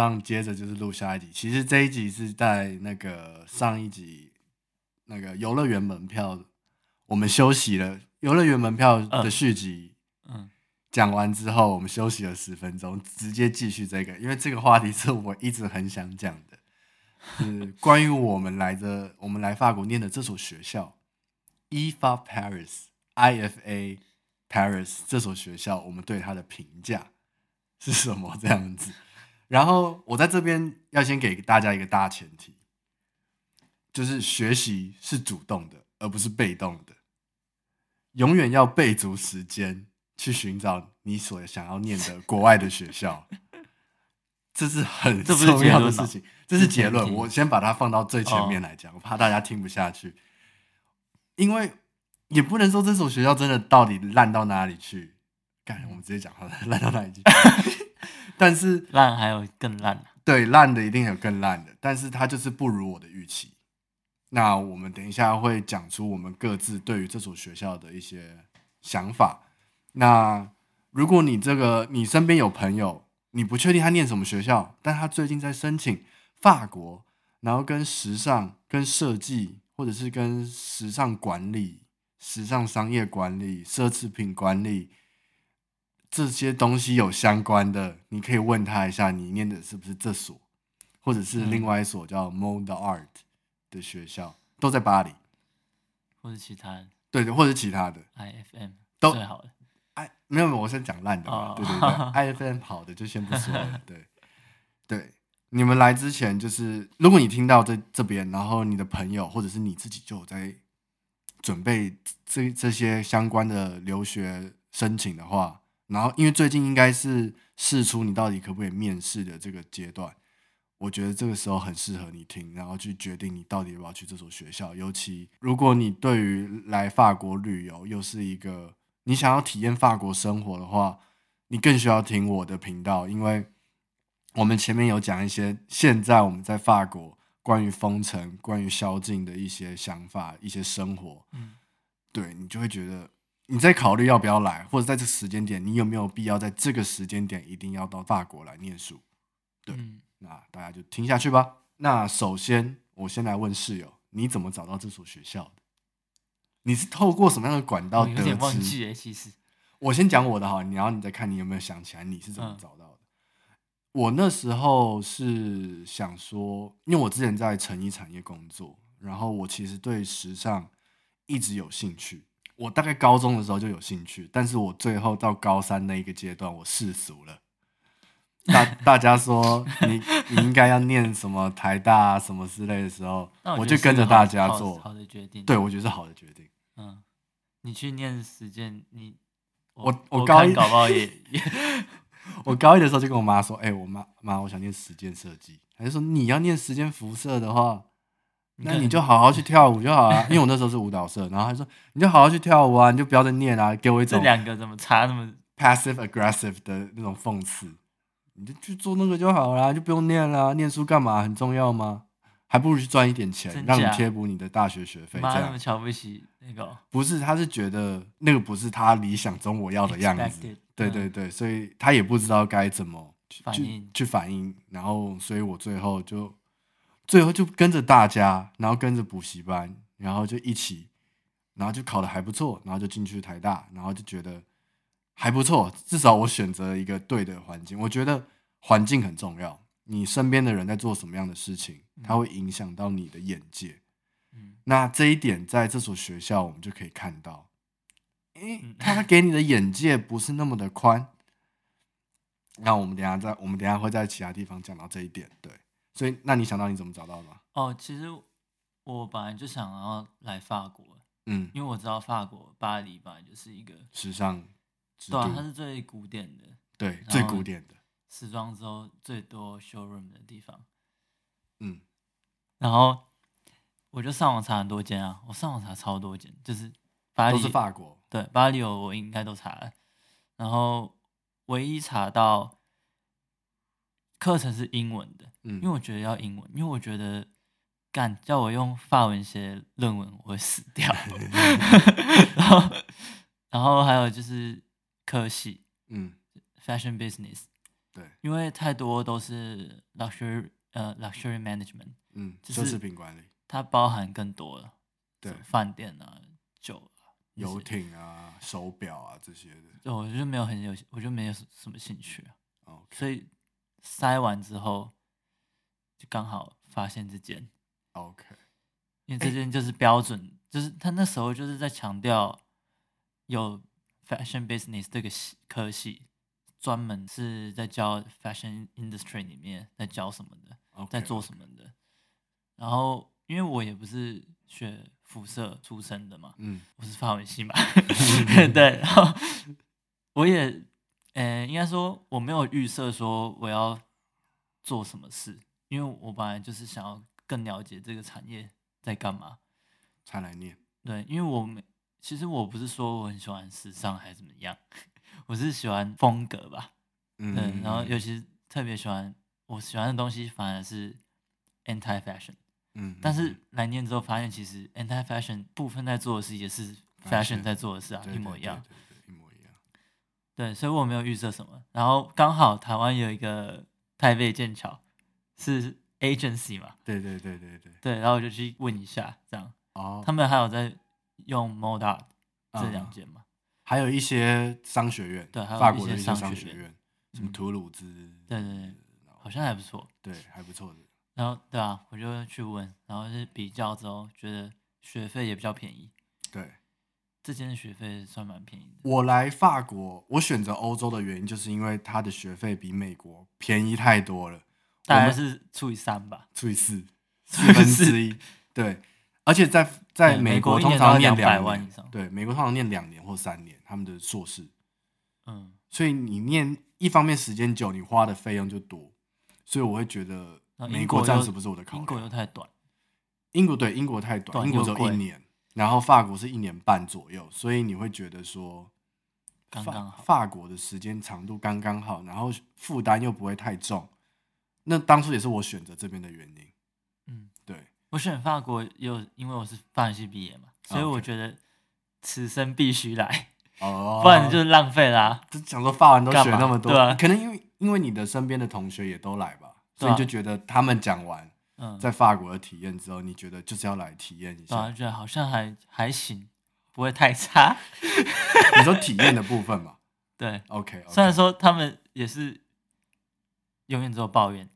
上接着就是錄下一集。其實這一集是在那個上一集那個遊樂園門票，我們休息了。遊樂園門票的續集，呃、嗯，講完之後我們休息了十分鐘，直接繼續這個。因為這個話題是我一直很想講的，是關於我們來的， 我們來法國念的這所學校，IFA Paris，IFA Paris 這所學校，我們對它的評價是什麼？這樣子。然後我在這邊要先給大家一個大前提，就是學習是主動的，而不是被動的。永遠要備足時間去尋找你所想要念的國外的學校，這是很重要的事情。這是結論，我先把它放到最前面來講，我怕大家聽不下去。因為也不能說這所學校真的到底爛到哪裡去，幹，我們直接講好了，爛到哪裡去。 但是爛還有更爛的，對，爛的一定有更爛的。但是它就是不如我的預期。那我們等一下會講出我們各自對於這所學校的一些想法。那如果你這個你身邊有朋友，你不確定他念什麼學校，但他最近在申請法國，然後跟時尚、跟設計，或者是跟時尚管理、時尚商業管理、奢侈品管理。這些東西有相關的，你可以問他一下，你念的是不是這所，或者是另外一所叫 Mod'Art 的學校，都在巴黎，或者其他的。對對，或者是其他的。IFM 都最好的。哎、啊，沒有沒有，我先講爛的吧。Oh, 對對對 ，IFM 好的就先不說了。對對，你們來之前就是，如果你聽到這這邊，然後你的朋友或者是你自己就有在準備這這些相關的留學申請的話。然後，因為最近應該是試出你到底可不可以面試的這個階段，我覺得這個時候很適合你聽，然後去決定你到底要不要去這所學校。尤其如果你對於來法國旅遊又是一個你想要體驗法國生活的話，你更需要聽我的頻道，因為我們前面有講一些現在我們在法國關於封城、關於宵禁的一些想法、一些生活。嗯，對你就會覺得。你在考慮要不要來，或者在這個時間點，你有沒有必要在這個時間點一定要到法國來念書？對，嗯、那大家就聽下去吧。那首先，我先來問室友，你怎麼找到這所學校的？你是透過什麼樣的管道、哦？有點忘記耶，其實我先講我的哈，然後你再看你有沒有想起來你是怎麼找到的。嗯、我那時候是想說，因為我之前在成衣產業工作，然後我其實對時尚一直有興趣。我大概高中的時候就有興趣，但是我最後到高三那一個階段，我世俗了。大大家說你 你應該要念什麼台大、啊、什麼之類的時候，我，我就跟着大家做好的決定。對，我覺得是好的決定。嗯，你去念實踐，你我我，我高一搞不好也。 我高一的時候就跟我媽說，哎、欸，我媽媽，我想念實踐設計。還是說你要念實踐服設的話。你那你就好好去跳舞就好了、啊，因為我那時候是舞蹈社，然後他說，你就好好去跳舞啊，你就不要再念啊。給我一種這兩個怎麼差那麼 passive aggressive 的那種諷刺，你就去做那個就好了、啊，就不用念了，念書幹嘛，很重要嗎？還不如去賺一點錢，讓你貼補你的大學學費。這麼瞧不起那個？不是，他是覺得那個不是他理想中我要的樣子。對對對，所以他也不知道該怎麼去反應，去反應，然後所以我最後就。最後就跟着大家，然後跟着補習班，然後就一起，然後就考得還不錯，然後就進去台大，然後就覺得還不錯，至少我選擇了一個對的環境。我覺得環境很重要，你身邊的人在做什麼樣的事情，嗯、它會影響到你的眼界。嗯，那這一點在這所學校我們就可以看到，哎、欸，他給你的眼界不是那麼的寬。嗯、那我們等一下在我們等下會在其他地方講到這一點，對。所以，那你想到你怎麼找到的嗎？哦，其實我本來就想要來法國，嗯，因為我知道法國巴黎本來就是一個時尚，對啊，它是最古典的，對，然後，最古典的時裝周最多 showroom 的地方，嗯，然後我就上網查很多間啊，我上網查超多間，就是都是法國，對，巴黎有我應該都查了，然後唯一查到課程是英文的。因為我覺得要英文，因為我覺得幹叫我用法文寫論文，我會死掉。然後，然後還有就是科系，嗯，Fashion Business，對，因為太多都是 Luxury，呃，Luxury Management，嗯，奢侈品管理，它包含更多了，對，飯店啊，酒啊，遊艇啊，手錶啊這些的，對，我就沒有很有，我就沒有什麼興趣啊，所以塞完之後，剛好發現這間，OK，因為這間就是標準，欸、就是他那時候就是在強調有 fashion business 這個系、科系，專門是在教 fashion industry 裡面在教什麼的，Okay. 在做什麼的。然後因為我也不是學服飾出身的嘛，嗯，我是法文系嘛， 嗯嗯 對，然後我也，呃、欸，應該說我沒有預設說我要做什麼事。因為我本來就是想要更了解這個產業在幹嘛，才來念。對，因為我沒，其實我不是說我很喜歡時尚還是怎麼樣，我是喜歡風格吧。嗯。然後尤其特別喜歡，我喜歡的東西反而是 anti fashion。嗯。但是來念之後發現，其實 anti fashion 部分在做的事也是 fashion 在做的事啊，一模一樣。對，所以我沒有預設什麼，然後剛好台灣有一個台北劍橋。是 agency 嘛？對對對對對對,對。然後我就去問一下，這樣。哦。Oh, 他們還有在用 Modart 這兩間嘛。還有一些商學院，對，還有法國的一些商學院，什麼圖魯茲。嗯、對對對，後好像還不錯。對，還不錯的。然後對啊，我就去問，然後是比較之後覺得學費也比較便宜。對，這間學費算蠻便宜的。我來法國，我選擇歐洲的原因就是因為它的學費比美國便宜太多了。大概對是除以三吧，除以四，四分之一。 對，而且在在美國通常要念兩百萬以上，對，美國通常念兩年或三年，他們的碩士。嗯，所以你念一方面時間久，你花的費用就多，所以我會覺得美國暫時不是我的考慮。英國又太短，英國，對，英國太短，短英國只有一年，然後法國是一年半左右，所以你會覺得說，剛剛好，法國的時間長度剛剛好，然後負擔又不會太重。那當初也是我選擇這邊的原因，嗯，對，我選法國，有因為我是法文系畢業嘛，所以我覺得此生必須來，哦，不然就是浪費啦。想說法文都學那麼多，對，可能因為因為你的身邊的同學也都來吧，所以就覺得他們講完，在法國的體驗之後，你覺得就是要來體驗一下，我覺得好像還還行，不會太差。你說體驗的部分嘛，對，OK，雖然說他們也是。永遠只有抱怨，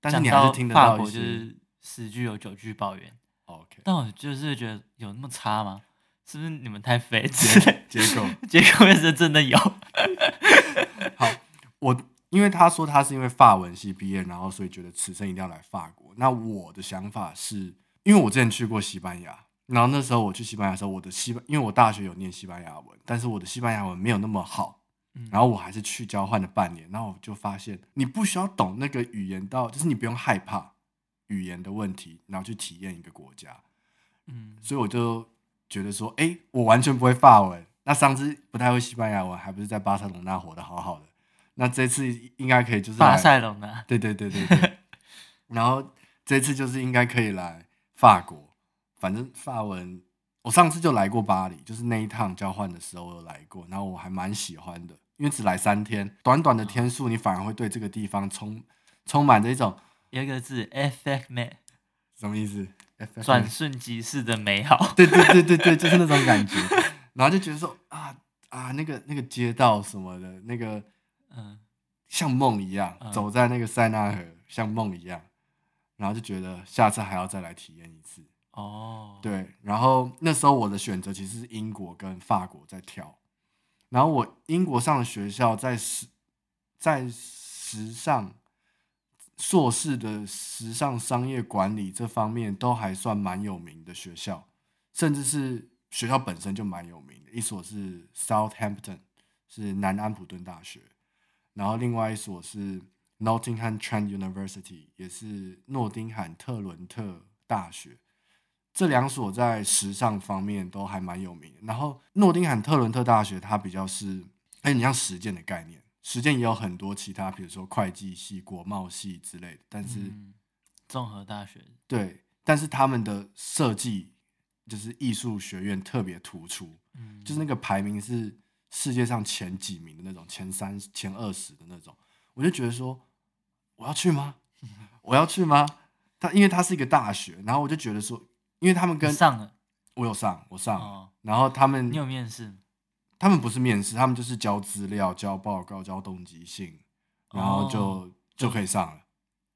但你講到法國就是十句有九句抱怨。OK，但，但我就是覺得有那麼差嗎？是不是你們太廢？結果結果也是真的有。 好，我因為他說他是因為法文系畢業，然後所以覺得此生一定要來法國。那我的想法是因為我之前去過西班牙，然後那時候我去西班牙的時候，我的西班因為我大學有念西班牙文，但是我的西班牙文沒有那麼好。然後我還是去交換了半年，然後我就發現你不需要懂那個語言到，就是你不用害怕語言的問題，然後去體驗一個國家。嗯，所以我就覺得說，誒，我完全不會法文，那上次不太會西班牙文，還不是在巴塞隆那活得好好的，那這次應該可以就是巴塞隆那、啊，對，對對對對。 然後這次就是應該可以來法國，反正法文我上次就來過巴黎，就是那一趟交換的時候我有來過，然後我還蠻喜歡的。因為只來三天，短短的天數，你反而會對這個地方充、嗯、充滿着一種有一個字 “éphémère”，什麼意思？轉瞬即逝的美好。對對對對對， 就是那種感覺。然後就覺得說啊啊，那個那個街道什麼的，那個嗯，像夢一樣，嗯、走在那個塞納河，像夢一樣。然後就覺得下次還要再來體驗一次。哦，對。然後那時候我的選擇其實是英國跟法國在挑。然後我英國上的學校在，在時在時尚碩士的時尚商業管理這方面都還算蠻有名的學校，甚至是學校本身就蠻有名的。一所是 Southampton，是南安普頓大學，然後另外一所是 Nottingham Trent University，也是諾丁漢特倫特大學。這兩所在時尚方面都還蠻有名的，然後諾丁漢特倫特大學它比較是，哎，你像實踐的概念，實踐也有很多其他，比如說會計系、國貿系之類的，但是，嗯，綜合大學。對，但是他們的設計就是藝術學院特別突出，嗯，就是那個排名是世界上前幾名的那種，前三、前二十的那種，我就覺得說我要去嗎？我要去嗎？它因為它是一個大學，然後我就覺得說。因為他們跟上了，我有上，我上，哦、然後他們你有面試，他們不是面試，他們就是交資料、交報告、交動機信，然後就、哦、就可以上了。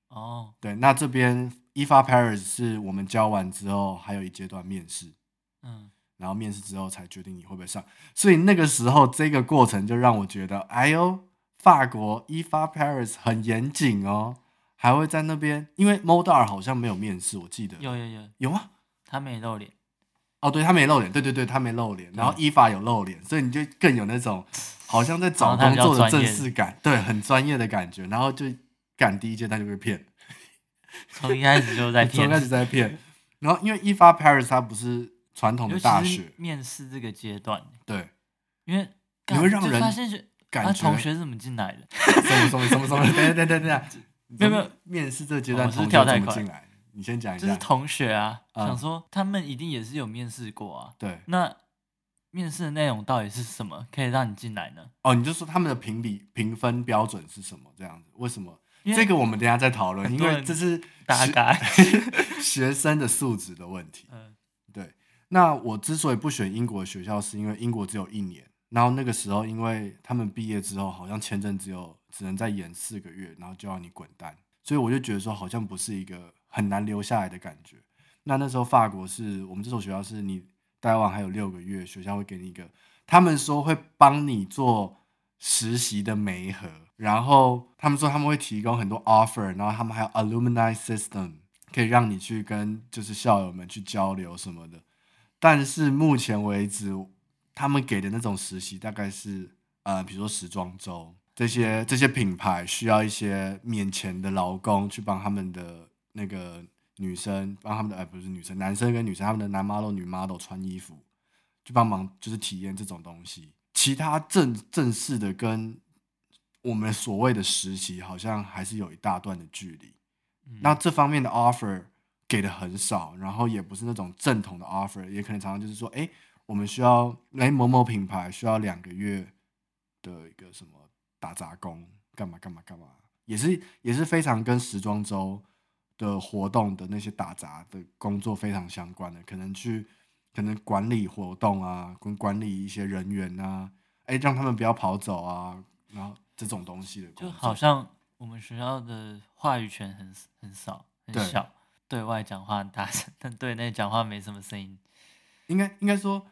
哦，對，那這邊伊、e、法 Paris 是我們交完之後還有一階段面試，嗯，然後面試之後才決定你會不會上，所以那個時候這個過程就讓我覺得，哎呦，法國伊、e、法 Paris 很嚴謹哦，還會在那邊，因為 Model 好像沒有面試，我記得有有有有啊。他沒露臉，哦，對他沒露臉，對對對，他沒露臉，然後 IFA 有露臉，所以你就更有那種好像在找工作的正式感，對，很專業的感覺，然後就趕第一階段就被騙，從一開始就在騙，從一開始在騙，然後因為 IFA Paris 他不是傳統的大學，面試這個階段，對，因為你會讓人發現是，啊，同學怎麼進來的？什麼什麼什麼什麼？對對對對，沒有面試這個階段同學怎麼進來？你先講一下，就是同學啊，嗯、想說他們一定也是有面試過啊。對，那面試的內容到底是什麼，可以讓你進來呢？哦，你就說他們的評比評分標準是什麼？這樣子，為什麼？為這個我們等一下再討論。因為這是大概 學生的素質的問題。嗯，對。那我之所以不選英國學校，是因為英國只有一年，然後那個時候因為他們畢業之後好像簽證只有只能再延四個月，然後就讓你滾蛋，所以我就覺得說好像不是一個。很難留下來的感覺。那那時候法國是我們這所學校，是你待完還有六個月，學校會給你一個，他們說會幫你做實習的媒合，然後他們說他們會提供很多 offer，然後他們還有 alumni system 可以讓你去跟就是校友們去交流什麼的。但是目前為止，他們給的那種實習大概是呃，比如說時裝週這些這些品牌需要一些免錢的勞工去幫他們的。那個女生幫他們的哎、欸、不是女生，男生跟女生，他們的男 model、女 model 穿衣服，去幫忙，就是體驗這種東西。其他正正式的跟我們所謂的實習，好像還是有一大段的距離。嗯、那這方面的 offer 給的很少，然後也不是那種正統的 offer，也可能常常就是說，哎、欸，我們需要來、欸、某某品牌需要兩個月的一個什麼打雜工，幹嘛幹嘛幹嘛，也是也是非常跟時裝周。的活動的那些打雜的工作非常相關的，可能去，可能管理活動啊，跟管理一些人員啊，哎、欸，讓他們不要跑走啊，然後這種東西的，就好像我們學校的話語權很很少很小，對，對外講話很大聲，但對內講話沒什麼聲音。應該應該說，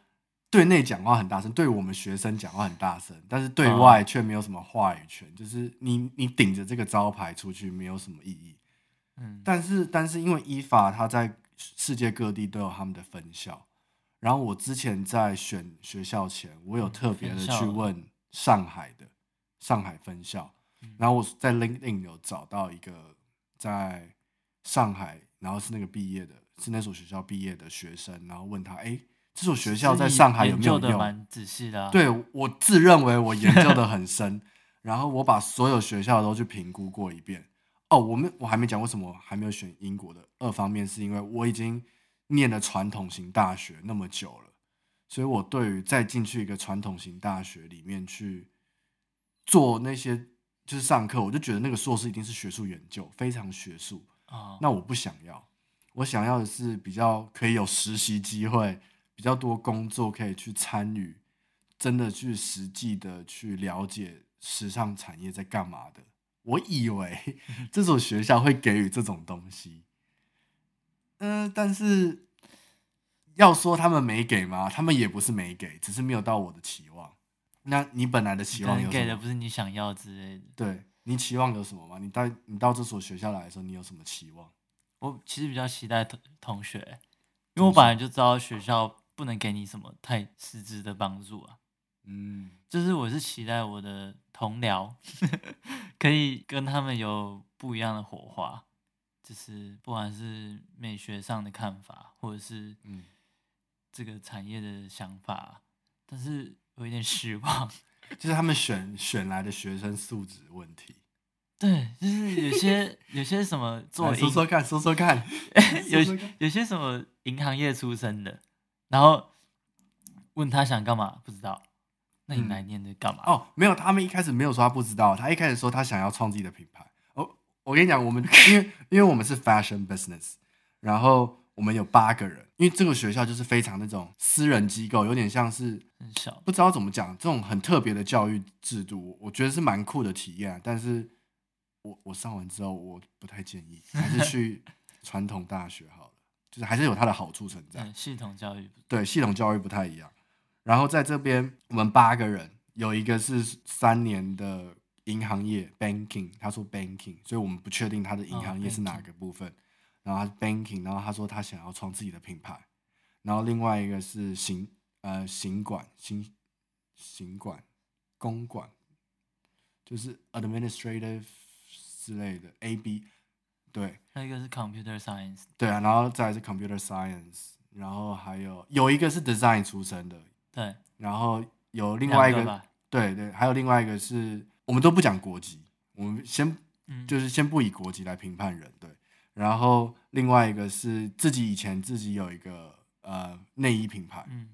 對內講話很大聲，對我們學生講話很大聲，但是對外卻沒有什麼話語權，哦、就是你你頂着這個招牌出去，沒有什麼意義。嗯，但是但是因為 IFA 他在世界各地都有他們的分校，然後我之前在選學校前，我有特別的去問上海的上海分校，然後我在 LinkedIn 有找到一個在上海，然後是那個畢業的，是那所學校畢業的學生，然後問他，哎、欸，這所學校在上海有沒有用？研究的蠻仔細的。對，我自認為我研究的很深， 然後我把所有學校都去評估過一遍。哦，我們我還沒講，為什麼還沒有選英國的？二方面是因為我已經念了傳統型大學那麼久了，所以我對於再進去一個傳統型大學裡面去做那些就是上課，我就覺得那個碩士一定是學術研究，非常學術啊。哦。那我不想要，我想要的是比較可以有實習機會，比較多工作可以去參與，真的去實際的去了解時尚產業在幹嘛的。我以為這所學校會給予這種東西，呃，嗯，但是要說他們沒給嗎？他們也不是沒給，只是沒有到我的期望。那你本來的期望有什麼？你給的不是你想要之類的？對，你期望有什麼嗎？你到你到這所學校來的時候，你有什麼期望？我其實比較期待同同學，因為我本來就知道學校不能給你什麼太實質的幫助啊。嗯，就是我是期待我的。同僚，可以跟他們有不一樣的火花，就是不管是美學上的看法，或者是嗯，這個產業的想法，但是有一點失望，就是他們選選來的學生素質問題。對，就是有些有些什麼做，說說看，說說看， 有說說看，有些什麼銀行業出身的，然後問他想幹嘛？不知道。那你來念的幹嘛，嗯？哦，沒有，他們一開始沒有說他不知道，他一開始說他想要創自己的品牌。哦，我跟你講，我們因為 因為我們是 fashion business，然後我們有八個人，因為這個學校就是非常那種私人機構，嗯、有點像是小不知道怎麼講這種很特別的教育制度，我覺得是蠻酷的體驗。但是我，我我上完之後，我不太建議， 還是去傳統大學好了，就是還是有它的好處存在，嗯。系統教育對，系統教育不太一樣。然後在這邊，我們八個人有一個是三年的銀行業 banking，他說 banking，所以我們不確定他的銀行業是哪個部分。Oh, Banking。然後他是 banking，然後他說他想要創自己的品牌。然後另外一個是行呃行管行行管公管，就是 administrative 之類的 ab。對，還有一個是 computer science。對啊，然後再是 computer science，然後還有有一個是 design 出身的。對然後有另外一個，個對對，還有另外一個是我們都不講國籍，我們先、嗯、就是先不以國籍來評判人，對。然後另外一個是自己以前自己有一個呃內衣品牌，嗯、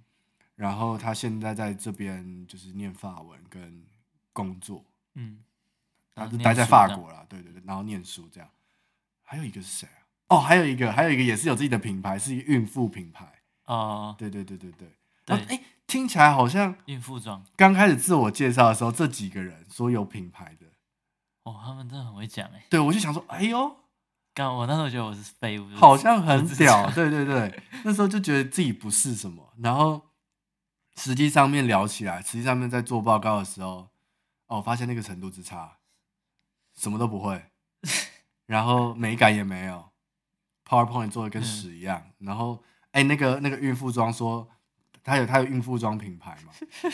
然後他現在在這邊就是念法文跟工作，嗯，他是待在法國啦。對對對，然後念書這樣。還有一個是誰啊？哦，還有一個，還有一個也是有自己的品牌，是一個孕婦品牌哦，對對對對對，對，聽起來好像孕婦裝。剛開始自我介紹的時候，這幾個人說有品牌的，哦，他們真的很會講哎。對我就想說，哎呦，剛我那時候覺得我是廢物，好像很屌。對對對，對，那時候就覺得自己不是什麼。然後實際上面聊起來，實際上面在做報告的時候，哦，發現那個程度之差，什麼都不會，然後美感也沒有，PowerPoint 做的跟屎一樣。然後，哎，那個那個孕婦裝說。他有他有孕婦裝品牌嘛？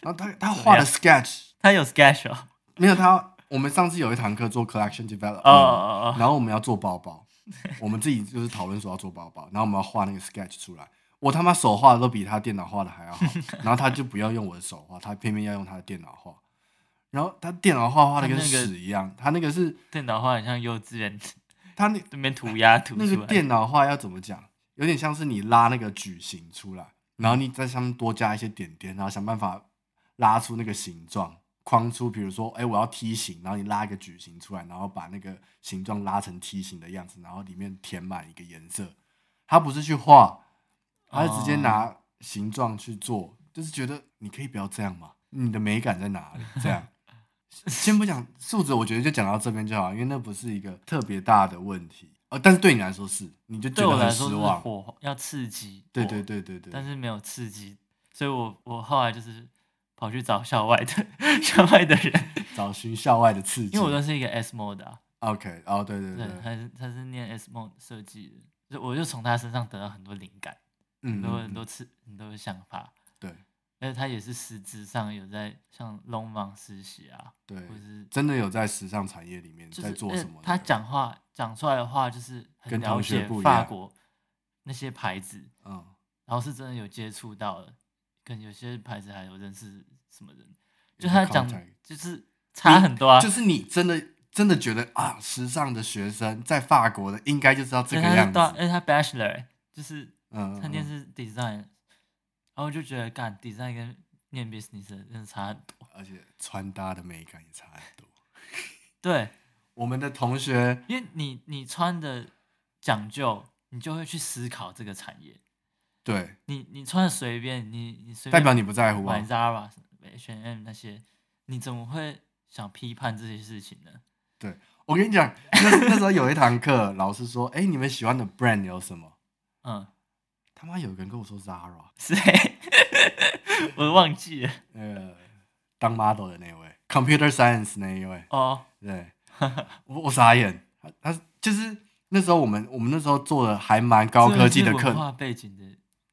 然後他他畫的 sketch，他有 sketch、哦、沒有？他我們上次有一堂課做 collection development，e、oh、然後我們要做包包， 我們自己就是討論說要做包包，然後我們要畫那個 sketch 出來。我他媽手畫的都比他電腦畫的還要好， 然後他就不要用我的手畫，他偏偏要用他的電腦畫。然後他電腦畫畫的跟屎一樣，他，那個、他那個是電腦畫，很像幼稚園。他那邊塗鴉塗那個電腦畫要怎麼講？有點像是你拉那個矩形出來。然後你在上面多加一些點點，然後想辦法拉出那個形狀，框出。比如說，哎、欸，我要梯形，然後你拉一個矩形出來，然後把那個形狀拉成梯形的樣子，然後裡面填滿一個顏色。他不是去畫，他是直接拿形狀去做，哦、就是覺得你可以不要這樣嘛？你的美感在哪裡？這樣 先不講素質，我覺得就講到這邊就好，因為那不是一個特別大的問題。但是對你來說是，你就對我來說是火要刺激，對，對對對對對。但是沒有刺激，所以我我後來就是跑去找校外的校外的人，找尋校外的刺激。因為我都是一個 ESMOD。啊、OK，哦對，對對對，對，他是他是念 ESMOD 設計的，就我就從他身上得到很多靈感，嗯，很多很多次很，很多想法。嗯嗯、對，而且他也是實質上有在像龍王實習啊，對，或是真的有在時尚產業裡面在做什麼、就是欸，他講話。講出來的話就是很了解法國那些牌子，嗯，然後是真的有接觸到的，跟有些牌子還有認識什麼人，就他講就是差很多啊，啊，就是你真的真的覺得啊，時尚的學生在法國的應該就知道這個樣子。哎，因為他 Bachelor 就是，是 Design，嗯，嗯，他念是 Design，然後就覺得幹 Design 跟念 Business 真的差很多，而且穿搭的美感也差很多， 對。我們的同學，因為你你穿的講究，你就會去思考這個產業。對，你你穿的隨便，你你隨便，代表你不在乎買 Zara、選 M 那些，你怎麼會想批判這些事情呢？對，我跟你講，那時候有一堂課， 老師說：“哎、欸，你們喜歡的 brand 有什麼？”嗯，他媽有一個人跟我說 Zara，誰？是欸、 我都忘記了。嗯， 當 model 的那位，Computer Science 那一位，哦，oh. 對。 我我傻眼，他他就是那時候我們我們那時候做的還蠻高科技的課，文化背景的，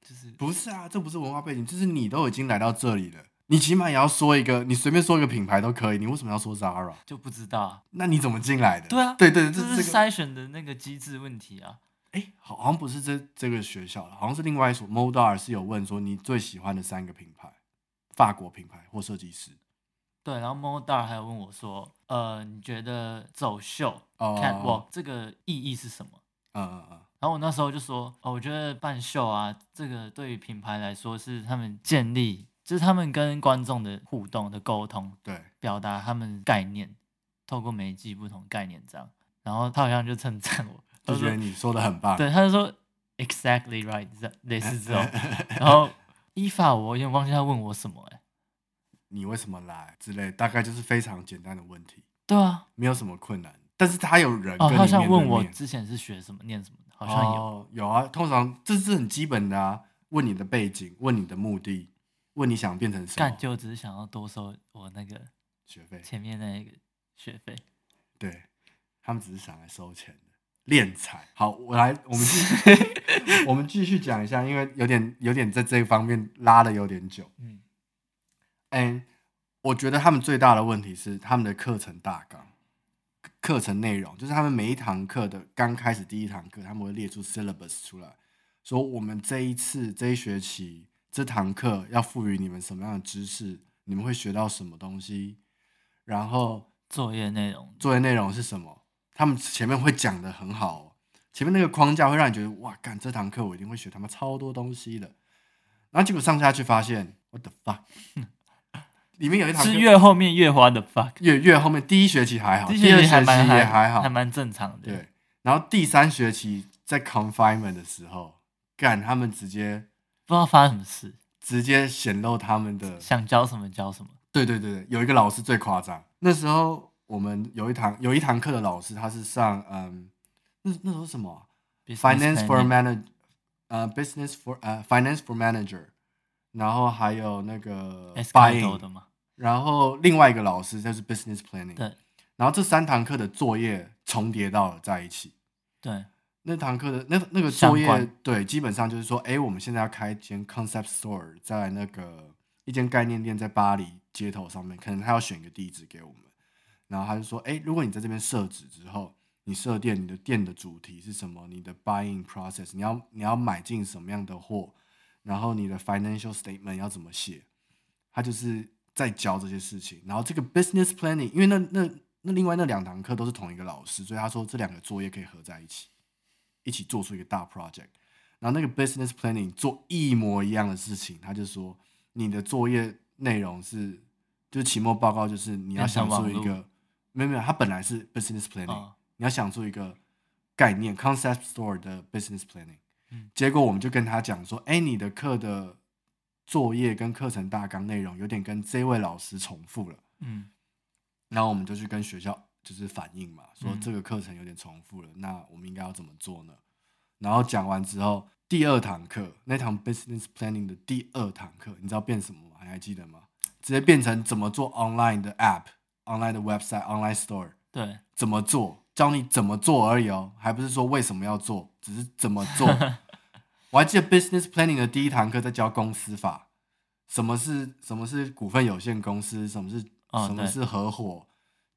就是不是啊，這不是文化背景，就是你都已經來到這裡了，你起碼也要說一個，你隨便說一個品牌都可以，你為什麼要說 Zara？就不知道，那你怎麼進來的？對啊，對，對對，這是這個、篩選的那個機制問題啊。哎、欸，好像不是這這個學校了，好像是另外一所。Modar 是有問說你最喜歡的三個品牌，法國品牌或設計師。對，然後 Modar 還有問我說，呃，你覺得走秀，oh，catwalk，oh, oh. 這個意義是什麼？嗯嗯嗯。然後我那時候就說，哦，我覺得辦秀啊，這個對於品牌來說是他們建立，就是他們跟觀眾的互動的溝通，對，表達他們概念，透過每一季不同概念這樣。然後他好像就稱讚我，他就，就覺得你說的很棒。對，他就說 Exactly right，這樣類似這種。然後 IFA，我有點忘記他問我什麼了。你為什麼來之類，大概就是非常簡單的問題。對啊，沒有什麼困難。但是他有人，他、哦、好像問我之前是學什麼、念什麼的，好像有、哦、有啊。通常這是很基本的啊，問你的背景，問你的目的，問你想變成什麼。幹，就只是想要多收我那個學費，前面那個學費、嗯。對，他們只是想來收錢的，斂財。好，我來，我們繼 我們繼續講一下，因為有點有點在這一方面拉得有點久。嗯。嗯，And, 我覺得他們最大的問題是他們的課程大綱、課程內容，就是他們每一堂課的剛開始第一堂課，他們會列出 syllabus 出來說，我們這一次這一學期這堂課要賦予你們什麼樣的知識，你們會學到什麼東西，然後作業內容，作業內容是什麼？他們前面會講得很好、哦，前面那個框架會讓你覺得哇，幹，這堂課我一定會學他們超多東西的，然後結果上下去發現，我的媽！裡面有一堂是越後面越花的 fuck，越越後面，第一學期還好，第一學期還蠻，第二學期也還好，還蠻正常的。對，然後第三學期在 confinement 的時候，幹他們直接不知道發生什麼事，直接顯露他們的想教什麼教什麼。對對對，有一個老師最誇張，那時候我們有一堂有一堂課的老師，他是上嗯，那那時候什麼、啊、Business finance for manager，呃、uh, business for 呃、uh, finance for manager，然後還有那個 buying, spying 走的嗎？然後另外一個老師就是 business planning，對。然後這三堂課的作業重疊到了在一起，對。那堂課的那那個作業，關對，基本上就是說，哎，我們現在要開一間 concept store，在那個一間概念店在巴黎街頭上面，可能他要選一個地址給我們。然後他就說，哎，如果你在這邊設置之後，你設店，你的店的主題是什麼？你的 buying process，你要你要買進什麼樣的貨？然後你的 financial statement 要怎麼寫？他就是。在教這些事情，然後這個 business planning，因為那那那另外那兩堂課都是同一個老師，所以他說這兩個作業可以合在一起，一起做出一個大 project。然後那個 business planning 做一模一樣的事情，他就說，你的作業內容是就是期末報告，就是你要想做一個，沒有沒有，他本來是 business planning，、啊、你要想做一個概念 concept store 的 business planning。嗯、結果我們就跟他講說，哎，你的課的。作業跟課程大綱內容有點跟這位老師重複了，嗯，然後我們就去跟學校就是反映嘛，說、嗯、這個課程有點重複了，那我們應該要怎麼做呢？然後講完之後，第二堂課那堂 business planning 的第二堂課，你知道變什麼嗎？你還記得嗎？直接變成怎麼做 online 的 app、online 的 website、online store，對，怎麼做？教你怎麼做而已哦，還不是說為什麼要做，只是怎麼做。 我還記得 business planning 的第一堂課在教公司法，什麼是什麼是股份有限公司，什麼是、哦、什麼是合夥，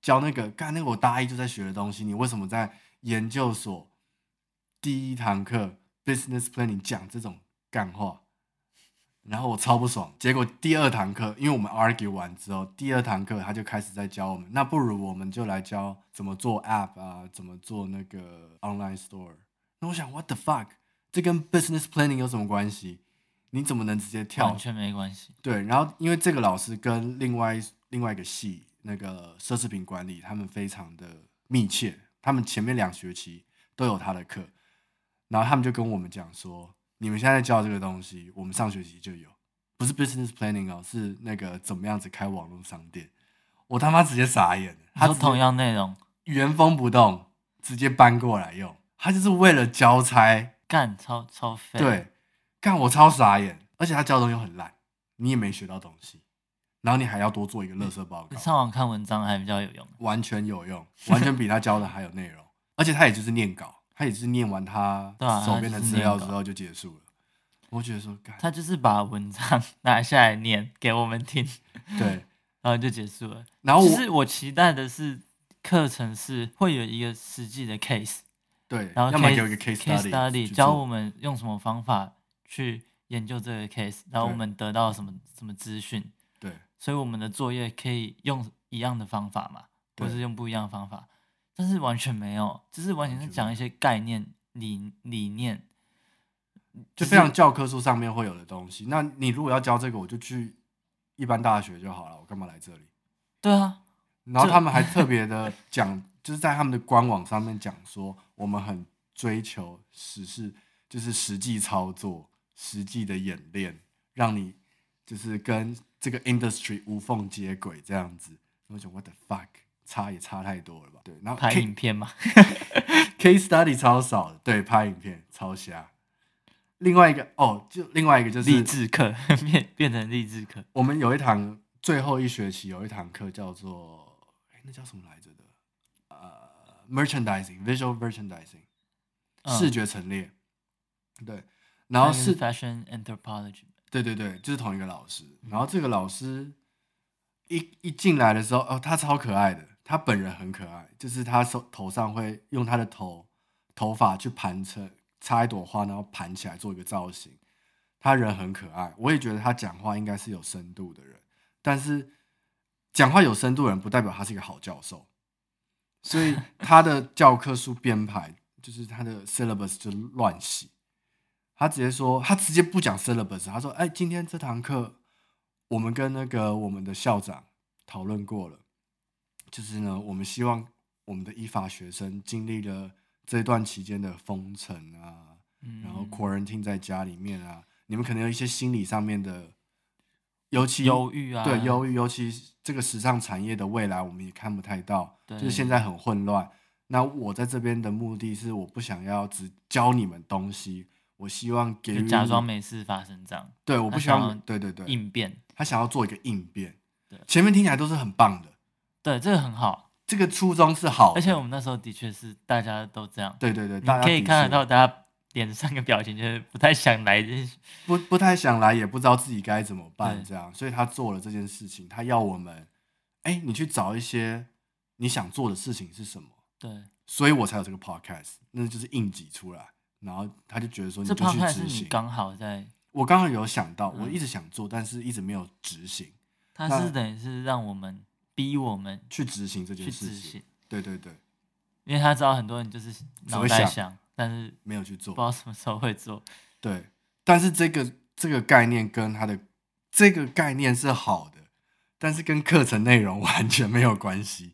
教那個，剛才那個我大一就在學的東西，你為什麼在研究所第一堂課 business planning 講這種幹話？然後我超不爽，結果第二堂課，因為我們 argue 完之後，第二堂課他就開始在教我們，那不如我們就來教怎麼做 app 啊，怎麼做那個 online store。那我想 what the fuck？這跟 business planning 有什麼關係？你怎麼能直接跳？完全沒關係。對，然後因為這個老師跟另外另外一個系那個奢侈品管理，他們非常的密切，他們前面兩學期都有他的課，然後他們就跟我們講說，你們現在在教這個東西，我們上學期就有，不是 business planning 哦,是那個怎麼樣子開網絡商店，我他媽直接傻眼，他是同樣內容，原封不動直接搬過來用，他就是為了交差。幹超超廢！對，幹我超傻眼，而且他教的東西很爛，你也沒學到東西，然後你還要多做一個垃圾報告。嗯。上網看文章還比較有用，完全有用，完全比他教的還有內容， 而且他也就是念稿，他也是念完他手邊的資料之後就結束了。我覺得說，他就是把文章拿下來念給我們聽，對，然後就結束了。然後我是我期待的是課程是會有一個實際的 case。對，然後有一個 case, case study 教我們用什麼方法去研究這個 case，對然後我們得到什麼什麼資訊。對，所以我們的作業可以用一樣的方法嘛，或對是用不一樣的方法，對但是完全沒有，就是完全是講一些概念理理念，就是、就非常教科書上面會有的東西。那你如果要教這個，我就去一般大學就好了，我幹嘛來這裡？對啊，然後他們還特別的講。 就是在他們的官網上面講說，我們很追求實事，就是實際操作、實際的演練，讓你就是跟這個 industry 無縫接軌這樣子。然後講 What the fuck，差也差太多了吧？對，然後、K、拍影片嘛，case study 超少的。對，拍影片超瞎。另外一個哦，就另外一個就是勵志課變變成勵志課。我們有一堂最後一學期有一堂課叫做哎、欸，那叫什麼來着的？merchandising, visual merchandising，視覺陳列，oh, 對，然後是 fashion anthropology，對對對，就是同一個老師。然後這個老師一一進來的時候，哦，他超可愛的，他本人很可愛，就是他手頭上會用他的頭頭髮去盤成插一朵花，然後盤起來做一個造型。他人很可愛，我也覺得他講話應該是有深度的人，但是講話有深度的人不代表他是一個好教授。 所以他的教科書編排就是他的 syllabus 就亂寫，他直接說，他直接不講 syllabus，他說，哎、欸，今天這堂課，我們跟那個我們的校長討論過了，就是呢，我們希望我們的依法學生經歷了這段期間的封城啊，嗯、然後 quarantine 在家裡面啊，你們可能有一些心理上面的。尤其憂鬱啊，對，憂鬱。尤其這個時尚產業的未來，我們也看不太到，對就是現在很混亂。那我在這邊的目的是，我不想要只教你們東西，我希望給你假裝沒事發生這樣。對，我不希望，想對對對，應變。他想要做一個應變，對前面聽起來都是很棒的，對，這個很好，這個初衷是好。而且我們那時候的確是大家都這樣，對對對，大家可以看得到大家。臉上的表情就是不太想來，就是，不不太想來，也不知道自己該怎麼辦，這樣對，所以他做了這件事情，他要我們，哎，你去找一些你想做的事情是什麼？對，所以我才有這個 podcast，那就是應急出來，然後他就覺得說，你這不去執行，剛好在，我剛好有想到，的我一直想做，但是一直沒有執行，他是那等於是讓我們逼我們去執行這件事情，對對對，因為他知道很多人就是腦袋想，想。但是沒有去做，不知道什麼時候會做。對，但是這個這個概念跟他的這個概念是好的，但是跟課程內容完全沒有關係。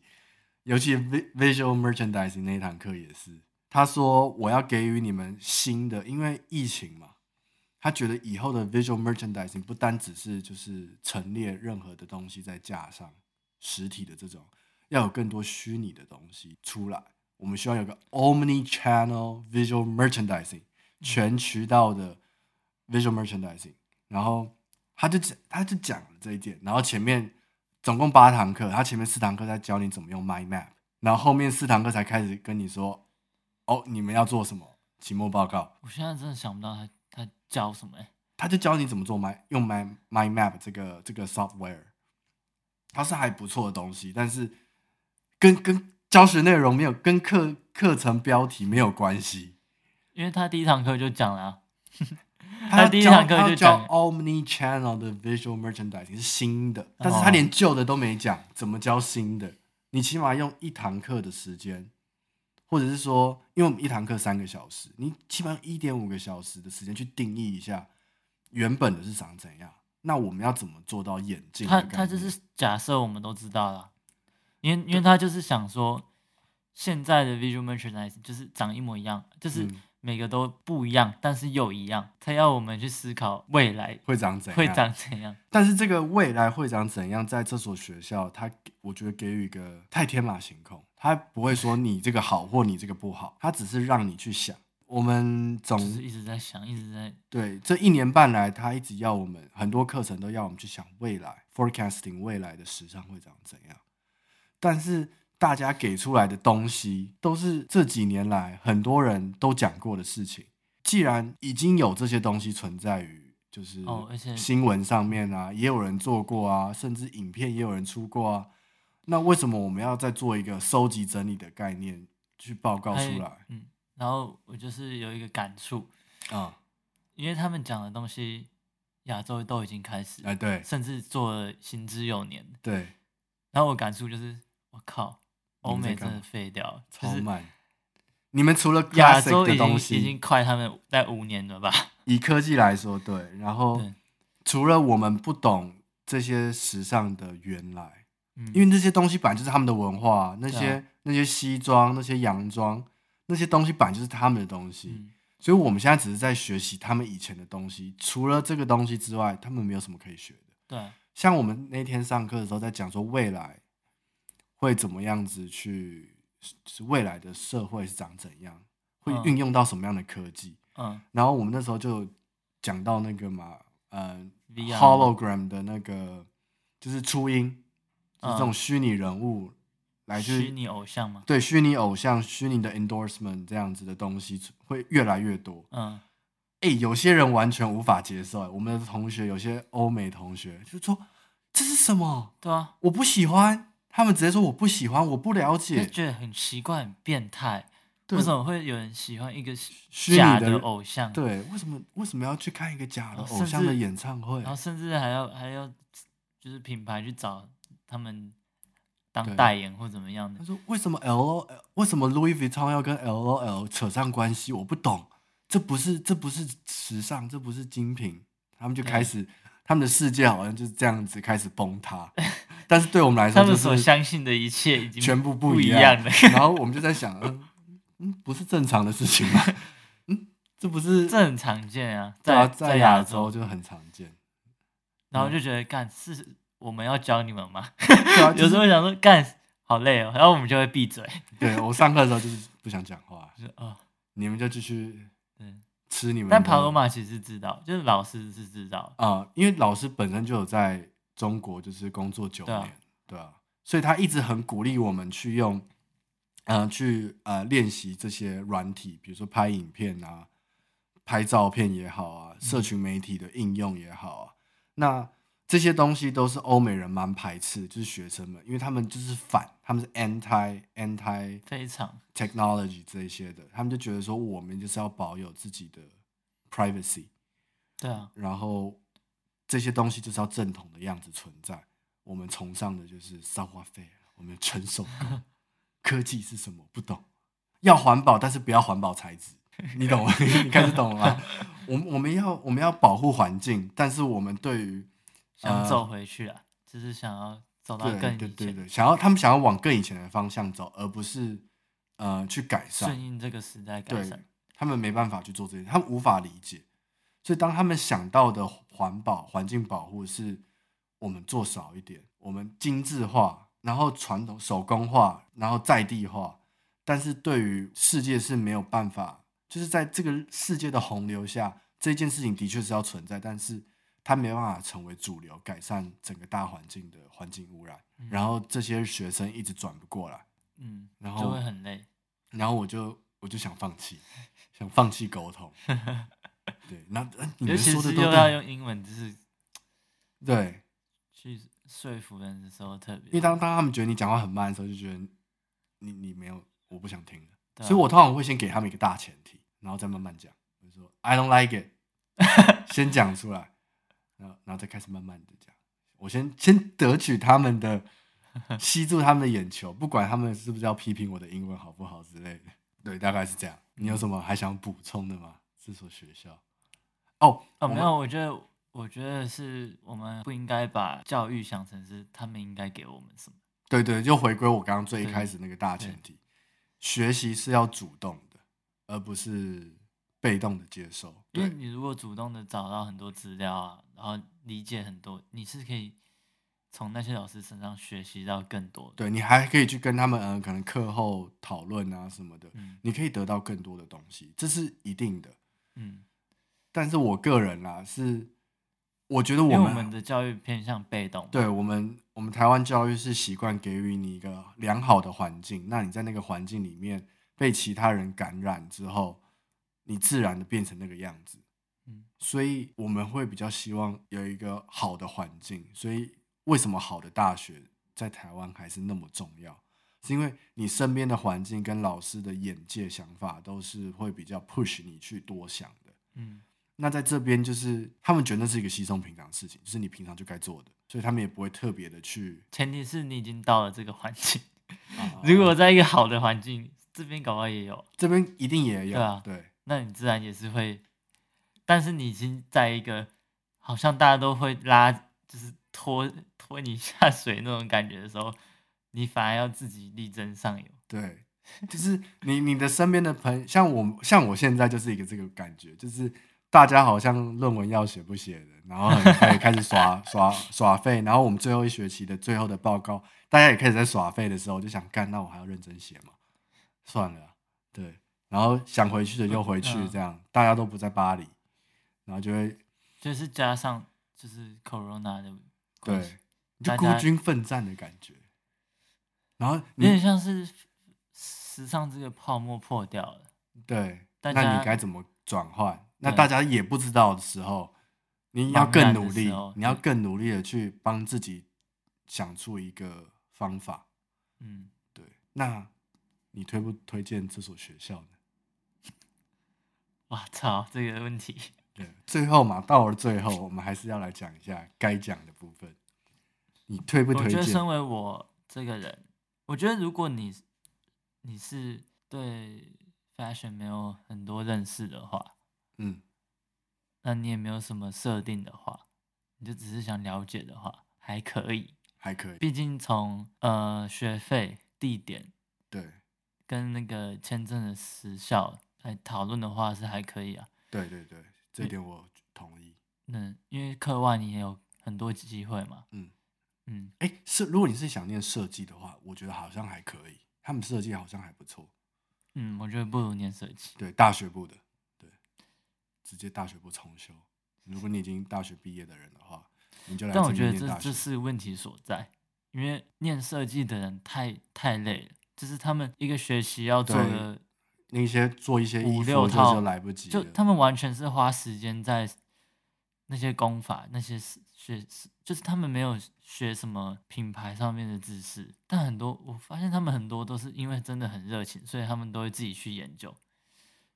尤其 visual merchandising 那一堂課也是，他說我要給予你們新的，因為疫情嘛，他覺得以後的 visual merchandising 不單只是就是陳列任何的東西在架上，實體的這種要有更多虛擬的東西出來。我們需要有個 omni-channel visual merchandising，全渠道的 visual merchandising。然後他就他就講了這一點。然後前面總共八堂課，他前面四堂課在教你怎麼用 mind map，然後後面四堂課才開始跟你說哦，你們要做什麼期末報告。我現在真的想不到他他教什麼哎、欸。他就教你怎麼做 my 用 my mind map 這個這個 software，它是還不錯的東西，但是跟跟。教學內容沒有跟課課程標題沒有關係，因為他第一堂課就講了、啊， 他第一堂課就講 Omni Channel 的 Visual Merchandising 是新的，但是他連舊的都沒講，怎麼教新的？哦、你起碼用一堂課的時間，或者是說，因為我們一堂課三個小時，你起碼用一點五個小時的時間去定義一下原本的是長怎樣，那我們要怎麼做到演進？他他這是假設我們都知道了。因為，因為他就是想說，現在的 visual merchandising 就是長一模一樣，就是每個都不一樣，嗯、但是又一樣。他要我們去思考未來會長怎樣，會長怎樣。但是這個未來會長怎樣，在這所學校，他我覺得給予一個太天馬行空，他不會說你這個好或你這個不好，他只是讓你去想。我們總是一直在想，一直在對，這一年半來，他一直要我們，很多課程都要我們去想未來 forecasting 未來的時尚會長怎樣。但是大家給出來的東西都是這幾年來很多人都講過的事情。既然已經有這些東西存在於就是、啊、哦，而且新聞上面啊，也有人做過啊，甚至影片也有人出過啊，那為什麼我們要再做一個收集整理的概念去報告出來？哎、嗯，然後我就是有一個感觸啊，嗯、因為他們講的東西亞洲都已經開始哎，對，甚至做了行之有年對，然後我感觸就是。我靠，歐美真的廢掉了，超慢。你們除了亞洲的東西，已經快他們在五年了吧？以科技來說，對，然後對除了我們不懂這些時尚的原來，嗯、因為那些東西本來就是他們的文化，那些對那些西裝、那些洋裝，那些東西本來就是他們的東西，嗯、所以我們現在只是在學習他們以前的東西。除了這個東西之外，他們沒有什麼可以學的。對，像我們那天上課的時候在講說未來。會怎麼樣子去？就是、未來的社會是長怎樣？會運用到什麼樣的科技？嗯，嗯，然後我們那時候就講到那個嘛，呃，VR，Hologram 的那個就是初音、嗯、是這種虛擬人物來，來虛擬偶像嘛，對，虛擬偶像、虛擬的 endorsement 這樣子的東西會越來越多。嗯，誒，有些人完全無法接受。我們的同學，有些歐美同學就說：“這是什麼？對啊，我不喜歡。”他們直接說我不喜歡，我不了解，覺得很奇怪，很變態。對為什麼會有人喜歡一個假的偶像？對，為什麼為什麼要去看一個假的偶像的演唱會？哦、然後甚至還要還要就是品牌去找他們當代言或怎麼樣，他說為什麼 L OL, 為什麼 Louis Vuitton 要跟 Lol 扯上關係？我不懂，這不是這不是時尚，這不是精品。他們就開始對他們的世界好像就是這樣子開始崩塌。 但是對我們來說，他們所相信的一切已經全部不一樣了。然後我們就在想， 嗯，不是正常的事情嗎？嗯，這不是這很常見啊，在在亞洲就很常見。然後就覺得幹、嗯、是我們要教你們嗎？啊就是、 有時候想說幹好累哦，然後我們就會閉嘴。對我上課的時候就是不想講話，啊， 你們就繼續吃你們。但帕羅馬，其實是知道，就是老師是知道啊、嗯，因為老師本身就有在。中國就是工作九年，對啊，對啊，所以他一直很鼓勵我們去用，嗯，呃去呃練習這些軟體，比如說拍影片啊、拍照片也好啊、社群媒體的應用也好啊。嗯、那這些東西都是歐美人蠻排斥，就是學生們，因為他們就是反，他們是 anti anti 非常 technology 這些的，常他們就覺得說我們就是要保有自己的 privacy，對啊，然後。這些東西就是要正統的樣子存在。我們崇尚的就是燒花費，我們純手工。科技是什麼？不懂。要環保，但是不要環保材質，你懂嗎？ 你開始懂了嗎？ 我們我們要我們要保護環境，但是我們對於、呃、想走回去啊，就是想要走到更以前對對對對，想要他們想要往更以前的方向走，而不是呃去改善順應這個時代改善。善，他們沒辦法去做這些，他們無法理解。所以，當他們想到的環保、環境保護，是我們做少一點，我們精緻化，然後傳統手工化，然後在地化。但是，對於世界是沒有辦法，就是在這個世界的洪流下，這件事情的確是要存在，但是它沒辦法成為主流，改善整個大環境的環境汙染。嗯、然後，這些學生一直轉不過來，嗯，然後就會很累，然後我就我就想放棄，想放棄溝通。 對，那尤其是就要用英文，就是對去說服人的時候的特別。因為當當他們覺得你講話很慢的時候，就覺得你你沒有，我不想聽了。對所以我通常會先給他們一個大前提，然後再慢慢講，對就說 I don't like it， 先講出來，然後然後再開始慢慢的講。我先先奪取他們的，吸住他們的眼球，不管他們是不是要批評我的英文好不好之類的。對，大概是這樣。你有什麼還想補充的嗎？這所學校，哦、oh, 哦，們沒有，我覺得我覺得是我們不應該把教育想成是他們應該給我們什麼。對對，就回歸我剛剛最一開始那個大前提，學習是要主動的，而不是被動的接受。對，因為你如果主動的找到很多資料啊，然後理解很多，你是可以從那些老師身上學習到更多。對，你還可以去跟他們，嗯、呃，可能課後討論啊什麼的，嗯、你可以得到更多的東西，這是一定的。嗯，但是我個人啦、啊，是我覺得我們，因為我們的教育偏向被動。對我們我們台灣教育是習慣給予你一個良好的環境，那你在那個環境裡面被其他人感染之後，你自然的變成那個樣子，嗯，所以我們會比較希望有一個好的環境，所以為什麼好的大學在台灣還是那麼重要？是因為你身邊的環境跟老師的眼界、想法都是會比較 push 你去多想的。嗯，那在這邊就是他們覺得那是一個稀鬆平常的事情，就是你平常就該做的，所以他們也不會特別的去。前提是你已經到了這個環境。 如果在一個好的環境，啊、這邊搞不好也有，這邊一定也有。對，啊、對，那你自然也是會。但是你已經在一個好像大家都會拉，就是拖拖你下水那種感覺的時候。你反而要自己力爭上游。對，就是你你的身邊的朋友，像我像我現在就是一個這個感覺，就是大家好像論文要寫不寫的，然後開始開始耍 耍耍，耍廢，然後我們最後一學期的最後的報告，大家也開始在耍廢的時候就想幹，那我還要認真寫嘛。算了、啊，對，然後想回去的就回去，這樣、嗯嗯嗯、大家都不在巴黎，然後就會就是加上就是 Corona 的對，大家就孤軍奮戰的感覺。然後有點像是時尚這個泡沫破掉了，對。家那你該怎麼轉換？那大家也不知道的時候，對你要更努力，你要更努力的去幫自己想出一個方法。嗯對，對。那，你推不推薦這所學校呢？哇操，這個問題。對，最後嘛，到了最後，我們還是要來講一下該講的部分。你推不推薦？我就身為我這個人，我覺得，如果你你是對 fashion 沒有很多認識的話，嗯，那你也沒有什麼設定的話，你就只是想了解的話，還可以，還可以。畢竟從呃學費、地點，對，跟那個簽證的時效來討論的話，是還可以啊。對對對，這一點我同意。嗯，因為課外你也有很多機會嘛，嗯。嗯，哎、欸，是如果你是想念設計的話，我覺得好像還可以，他們設計好像還不錯。嗯，我覺得不如念設計。對，大學部的，對，直接大學部重修。如果你已經大學畢業的人的話，你就來。但我覺得這這是問題所在，因為念設計的人太太累了，就是他們一個學期要做的那些做一些五六套來不及，就他們完全是花時間在那些功法那些事。學是就是他們沒有學什麼品牌上面的知識，但很多我發現他們很多都是因為真的很熱情，所以他們都會自己去研究。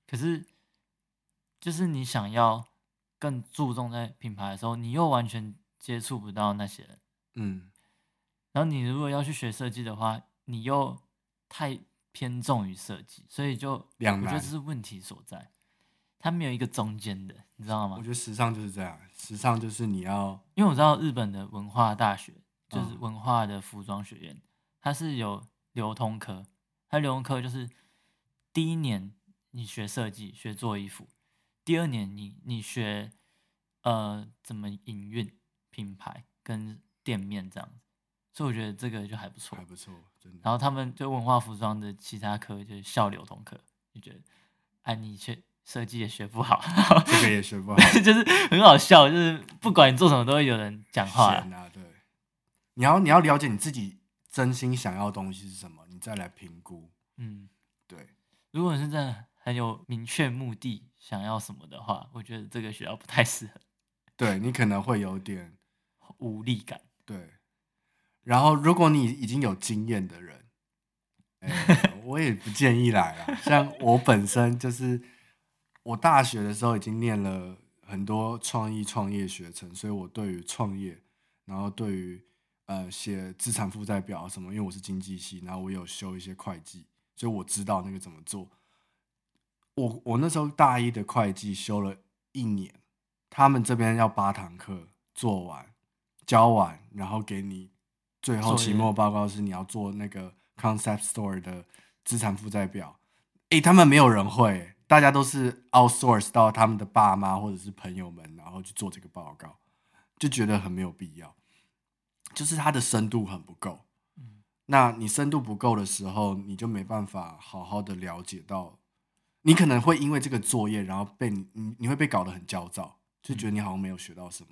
可是，就是你想要更注重在品牌的時候，你又完全接觸不到那些人。嗯。然後你如果要去學設計的話，你又太偏重於設計，所以就我覺得這是問題所在。兩難。他沒有一個中間的，你知道嗎？我覺得時尚就是這樣。時尚就是你要，因為我知道日本的文化大學就是文化的服裝學院，哦、它是有流通科，它流通科就是第一年你學設計、學做衣服，第二年你你學呃怎麼營運品牌跟店面這樣子，所以我覺得這個就還不錯，還不錯，真的，然後他們就文化服裝的其他科就是校流通科，就覺得哎、啊、你去。設計也學不好， 這個也學不好， 就是很好笑。就是不管你做什麼，都會有人講話、啊啊。對，你要你要了解你自己真心想要的東西是什麼，你再來評估。嗯，對。如果你真的很有明確目的，想要什麼的話，我覺得這個學校不太適合。對，你可能會有點無力感。對。然後，如果你已經有經驗的人、 欸，我也不建議來了。 像我本身就是。我大學的時候已經唸了很多創意創業學程，所以我對於創業，然後對於呃寫資產負債表什麼，因為我是經濟系，然後我有修一些會計，所以我知道那個怎麼做。我我那時候大一的會計修了一年，他們這邊要八堂課做完，交完，然後給你最後期末報告是你要做那個 concept store 的資產負債表，誒、欸，他們沒有人會、欸。大家都是 outsource 到他們的爸媽或者是朋友們，然後去做這個報告，就覺得很沒有必要。就是他的深度很不夠。嗯，那你深度不夠的時候，你就沒辦法好好的了解到。你可能會因為這個作業，然後被你你你會被搞得很焦躁，就覺得你好像沒有學到什麼。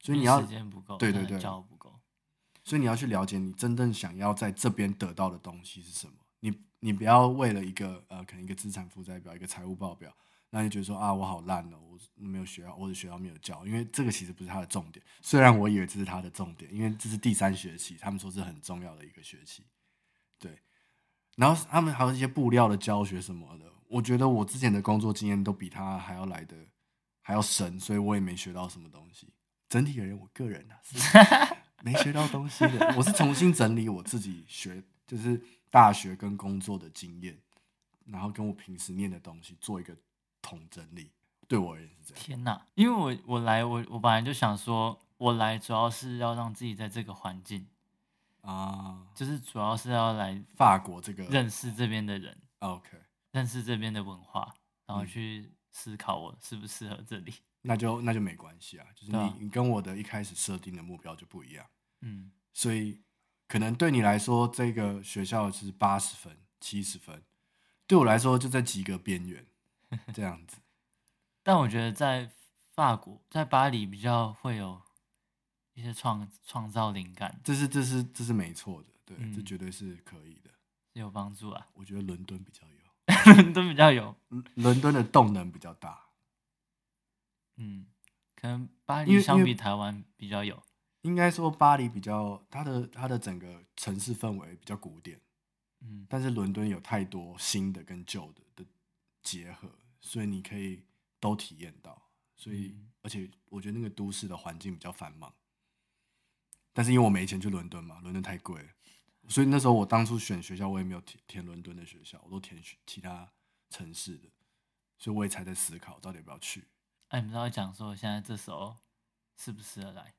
所以你要時間不夠，對對對，所以你要去了解你真正想要在這邊得到的東西是什麼。你不要為了一個呃，可能一個資產負債表，一個財務報表，那你覺得說啊，我好爛哦，我沒有學，我的學校沒有教，因為這個其實不是他的重點，雖然我以為這是他的重點，因為這是第三學期，他們說是很重要的一個學期，對。然後他們還有一些布料的教學什麼的，我覺得我之前的工作經驗都比他還要來得還要深，所以我也沒學到什麼東西。整體而言，我個人啊，是沒學到東西的，我是重新整理我自己學。就是大學跟工作的經驗，然後跟我平時念的東西做一個統整理，對我而言是這樣。天吶、啊，因為我我來我我本來就想說，我來主要是要讓自己在這個環境啊，就是主要是要來法國這個、哦 okay、認識這邊的人，OK，認識這邊的文化，然後去思考我適不適合這裡。嗯、那就那就沒關係啊，就是你、啊、你跟我的一開始設定的目標就不一樣，嗯，所以。可能對你來說，這個學校是八十分、七十分；對我來說，就在及格邊緣這樣子。但我覺得在法國，在巴黎比較會有一些創創造靈感這。這是這是這是沒錯的，對，嗯、這絕對是可以的，有幫助啊！我覺得倫敦比較有，倫 敦比較有，倫敦的動能比較大。嗯，可能巴黎相比台灣比較有。應該說巴黎比較它的它的整個城市氛圍比較古典，嗯，但是倫敦有太多新的跟舊的的結合，所以你可以都體驗到。所以而且我覺得那個都市的環境比較繁忙，但是因為我沒錢去倫敦嘛，倫敦太貴，所以那時候我當初選學校我也沒有填倫敦的學校，我都填其他城市的，所以我也才在思考到底要不要去。哎、啊，你知道我講說現在這時候適不適合來？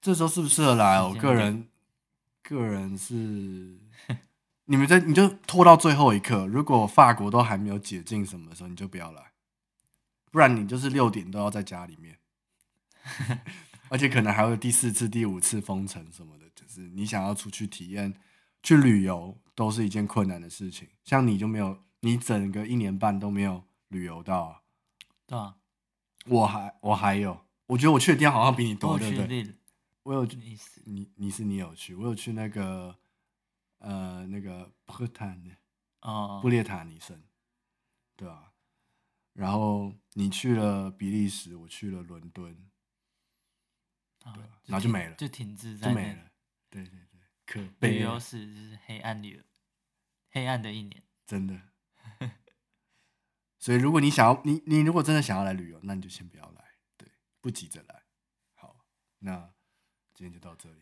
這時候適不適合來？我個人，個人是，你們在你就拖到最後一刻，如果法國都還沒有解禁什麼的時候，你就不要來，不然你就是六點都要在家裡面， 而且可能還會有第四次、第五次封城什麼的。就是你想要出去體驗、去旅遊，都是一件困難的事情。像你就沒有，你整個一年半都沒有旅遊到、啊，對啊。我還我還有，我覺得我去的地方好像比你多，對不對？我有去，你你是你有去，我有去那個，呃，那個普克坦尼哦，布列塔尼省，對啊，然後你去了比利時，我去了倫敦，對，然後就沒了，就停滯在，就沒了，對對對，可悲。旅遊是黑暗裡，黑暗的一年，真的。 所以如果你想要，你你如果真的想要來旅遊，那你就先不要來，對，不急着來，好，那。今天就到這裡，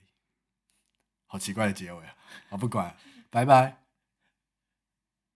好奇怪的結尾啊！我不管， 拜拜。